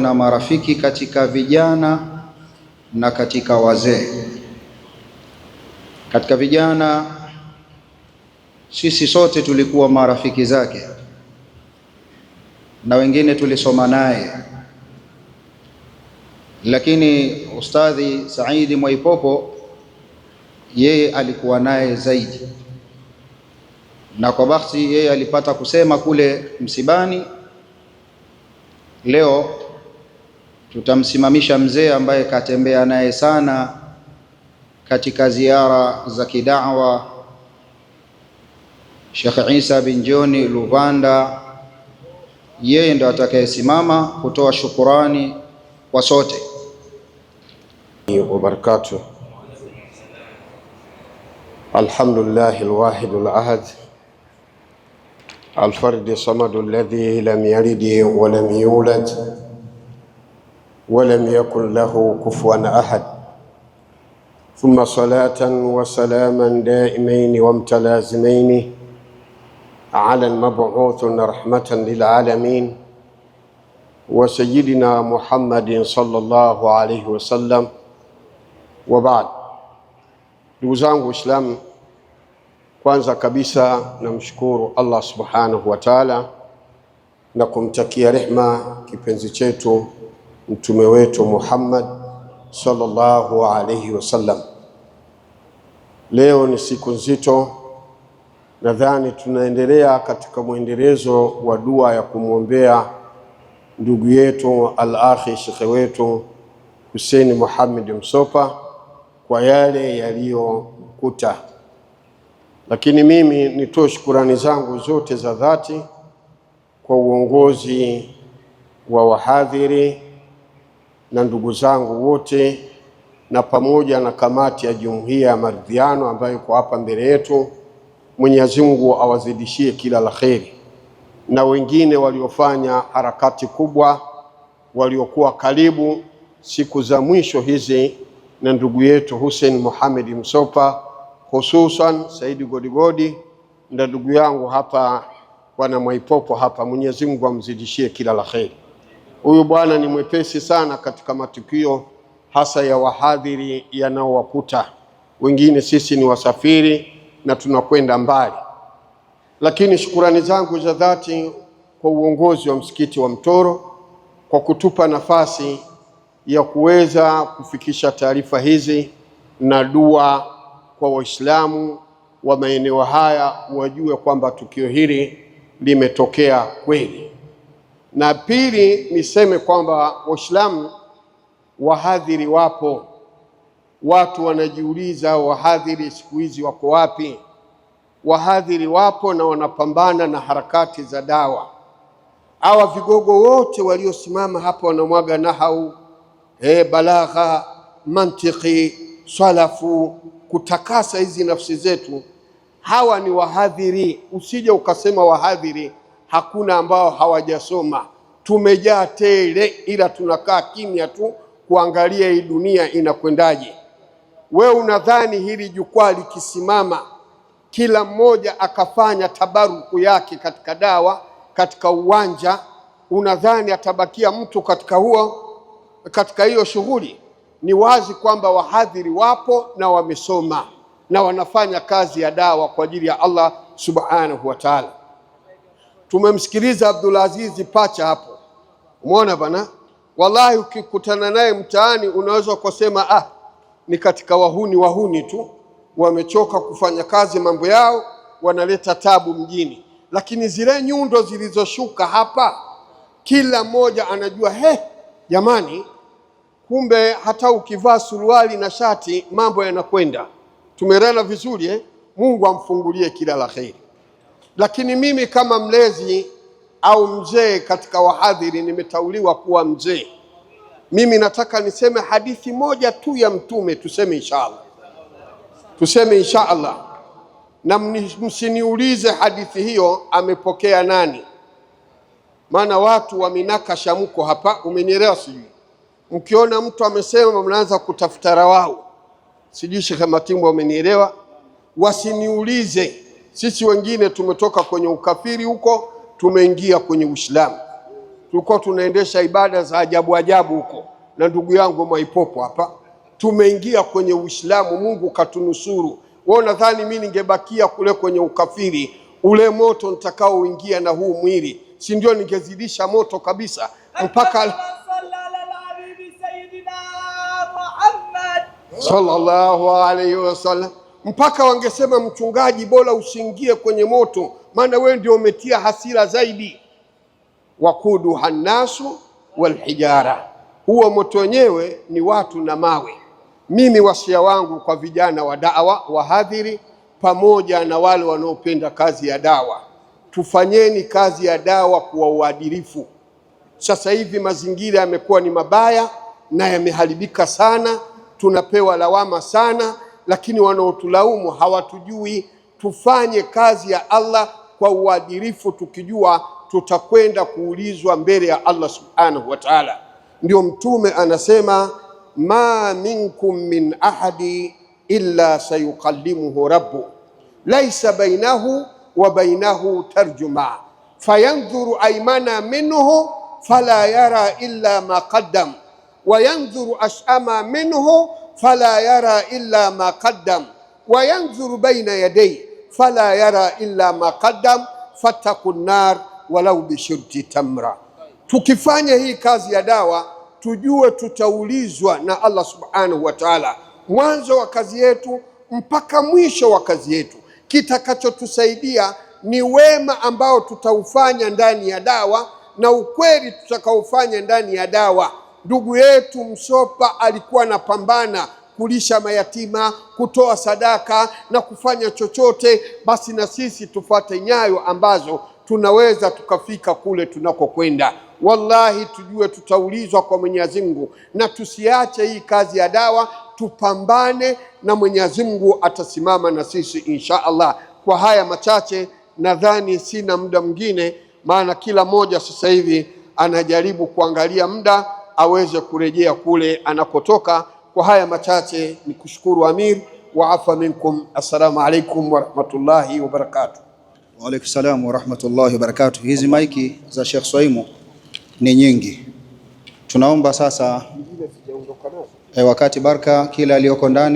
Na marafiki katika vijana na katika wazee. Katika vijana, sisi sote tulikuwa marafiki zake na wengine tulisoma naye, lakini Ustadhi Saidi Mwaipopo yeye alikuwa naye zaidi, na kwa bahati yeye alipata kusema kule msibani leo tutamsimamisha mzee ambaye katembea naye sana katika ziara za kidawa, Sheikh Isa bin Joni Luvanda. Yeye ndo atakayesimama kutoa shukurani kwa sote wabarakatuh. Alhamdulillah alwahid alahad alfardi samad alladhi lam yalid wa lam yulad ولم yakun له kufuwan أحد thumma صلاة وسلاما salaman daimaini على المبعوث رحمة للعالمين وسيدنا lilalamin صلى الله عليه وسلم alayhi wasallam wa baad. kwanza kabisa namshukuru Allah subhanahu wa taala na kumtakia rehma kipenzi chetu mtume wetu Muhammad sallallahu alayhi wasallam. Leo ni siku nzito, nadhani tunaendelea katika mwendelezo wa dua ya kumwombea ndugu yetu al-akhi shekhe wetu Hussein Muhammad Msopa kwa yale yaliyokuta lakini mimi nitoe shukurani zangu zote za dhati kwa uongozi wa wahadhiri na ndugu zangu wote na pamoja na kamati ya jumuiya ya maridhiano ambayo iko hapa mbele yetu. Mwenyezi Mungu awazidishie kila la kheri, na wengine waliofanya harakati kubwa, waliokuwa karibu siku za mwisho hizi na ndugu yetu Hussein Mohamed Msopa, hususan Saidi Godigodi na ndugu yangu hapa wana Mwaipopo hapa. Mwenyezi Mungu amzidishie kila la kheri. Huyu bwana ni mwepesi sana katika matukio hasa ya wahadhiri yanaowakuta wengine. Sisi ni wasafiri na tunakwenda mbali, lakini shukurani zangu za dhati kwa uongozi wa msikiti wa Mtoro kwa kutupa nafasi ya kuweza kufikisha taarifa hizi na dua kwa Waislamu wa maeneo haya wajue kwamba tukio hili limetokea kweli. Na pili, niseme kwamba Waislamu wahadhiri wapo. Watu wanajiuliza wahadhiri siku hizi wako wapi? Wahadhiri wapo na wanapambana na harakati za dawa. Hawa vigogo wote waliosimama hapa wanamwaga nahau, eh, balagha, mantiki, salafu, kutakasa hizi nafsi zetu, hawa ni wahadhiri. Usije ukasema wahadhiri hakuna ambao hawajasoma, tumejaa tele, ila tunakaa kimya tu kuangalia hii dunia inakwendaje. We unadhani hili jukwaa likisimama, kila mmoja akafanya tabaruku yake katika dawa, katika uwanja, unadhani atabakia mtu katika huo katika hiyo shughuli? Ni wazi kwamba wahadhiri wapo na wamesoma na wanafanya kazi ya dawa kwa ajili ya Allah subhanahu wa ta'ala. Tumemsikiliza Abdulaziz pacha hapo, umeona bana. Wallahi, ukikutana naye mtaani unaweza kusema ah, ni katika wahuni. Wahuni tu wamechoka kufanya kazi mambo yao, wanaleta tabu mjini. Lakini zile nyundo zilizoshuka hapa, kila mmoja anajua he, jamani, kumbe hata ukivaa suruali na shati mambo yanakwenda. Tumelala vizuri eh? Mungu amfungulie kila la kheri. Lakini mimi kama mlezi au mzee katika wahadhiri, nimetauliwa kuwa mzee. Mimi nataka niseme hadithi moja tu ya Mtume, tuseme inshaallah, tuseme inshaallah, na msiniulize hadithi hiyo amepokea nani, maana watu waminakasha mko hapa, umenielewa sijui? Mkiona mtu amesema mnaanza kutafuta rawau, sijui Shekhe Matimbo, umenielewa? Wasiniulize sisi wengine tumetoka kwenye ukafiri huko, tumeingia kwenye Uislamu. Tulikuwa tunaendesha ibada za ajabu ajabu huko na ndugu yangu Mwaipopo hapa, tumeingia kwenye Uislamu. Mungu katunusuru. Wewe unadhani mimi ningebakia kule kwenye ukafiri, ule moto nitakaoingia na huu mwili, si ndio? Ningezidisha moto kabisa mpaka sallallahu alayhi wasallam mpaka wangesema mchungaji, bora usiingie kwenye moto, maana wewe ndio umetia hasira zaidi. Wakuduha nnasu walhijara, huo moto wenyewe ni watu na mawe. Mimi wasia wangu kwa vijana wa dawa, wahadhiri, pamoja na wale wanaopenda kazi ya dawa, tufanyeni kazi ya dawa kwa uadilifu. Sasa hivi mazingira yamekuwa ni mabaya na yameharibika sana, tunapewa lawama sana lakini wanaotulaumu hawatujui. Tufanye kazi ya Allah kwa uadilifu, tukijua tutakwenda kuulizwa mbele ya Allah subhanahu wa ta'ala. Ndio Mtume anasema ma minkum min ahadi illa sayukallimuhu rabbu laisa bainahu wa bainahu tarjuma fayandhuru aymana minhu fala yara illa ma qaddam wa yandhuru ashama minhu fala yara illa ma qaddam wa yanzuru baina yadayhi fala yara illa ma qaddam fataku nar walau bishirti tamra. Tukifanya hii kazi ya dawa, tujue tutaulizwa na Allah subhanahu wa taala, mwanzo wa kazi yetu mpaka mwisho wa kazi yetu. Kitakachotusaidia ni wema ambao tutaufanya ndani ya dawa na ukweli tutakaofanya ndani ya dawa. Ndugu yetu Msopa alikuwa anapambana kulisha mayatima, kutoa sadaka na kufanya chochote, basi na sisi tufate nyayo ambazo tunaweza tukafika kule tunakokwenda. Wallahi, tujue tutaulizwa kwa Mwenyezi Mungu, na tusiache hii kazi ya dawa, tupambane na Mwenyezi Mungu atasimama na sisi insha Allah. Kwa haya machache, nadhani sina muda mwingine, maana kila mmoja sasa hivi anajaribu kuangalia muda aweze kurejea kule anakotoka. Kwa haya machache ni kushukuru Amir wa afa minkum. Assalamu alaikum warahmatullahi wabarakatuh. Wa salam warahmatullahi wabarakatuh. Hizi maiki za Sheikh Swaimu ni nyingi, tunaomba sasa e, wakati Baraka kila aliyoko ndani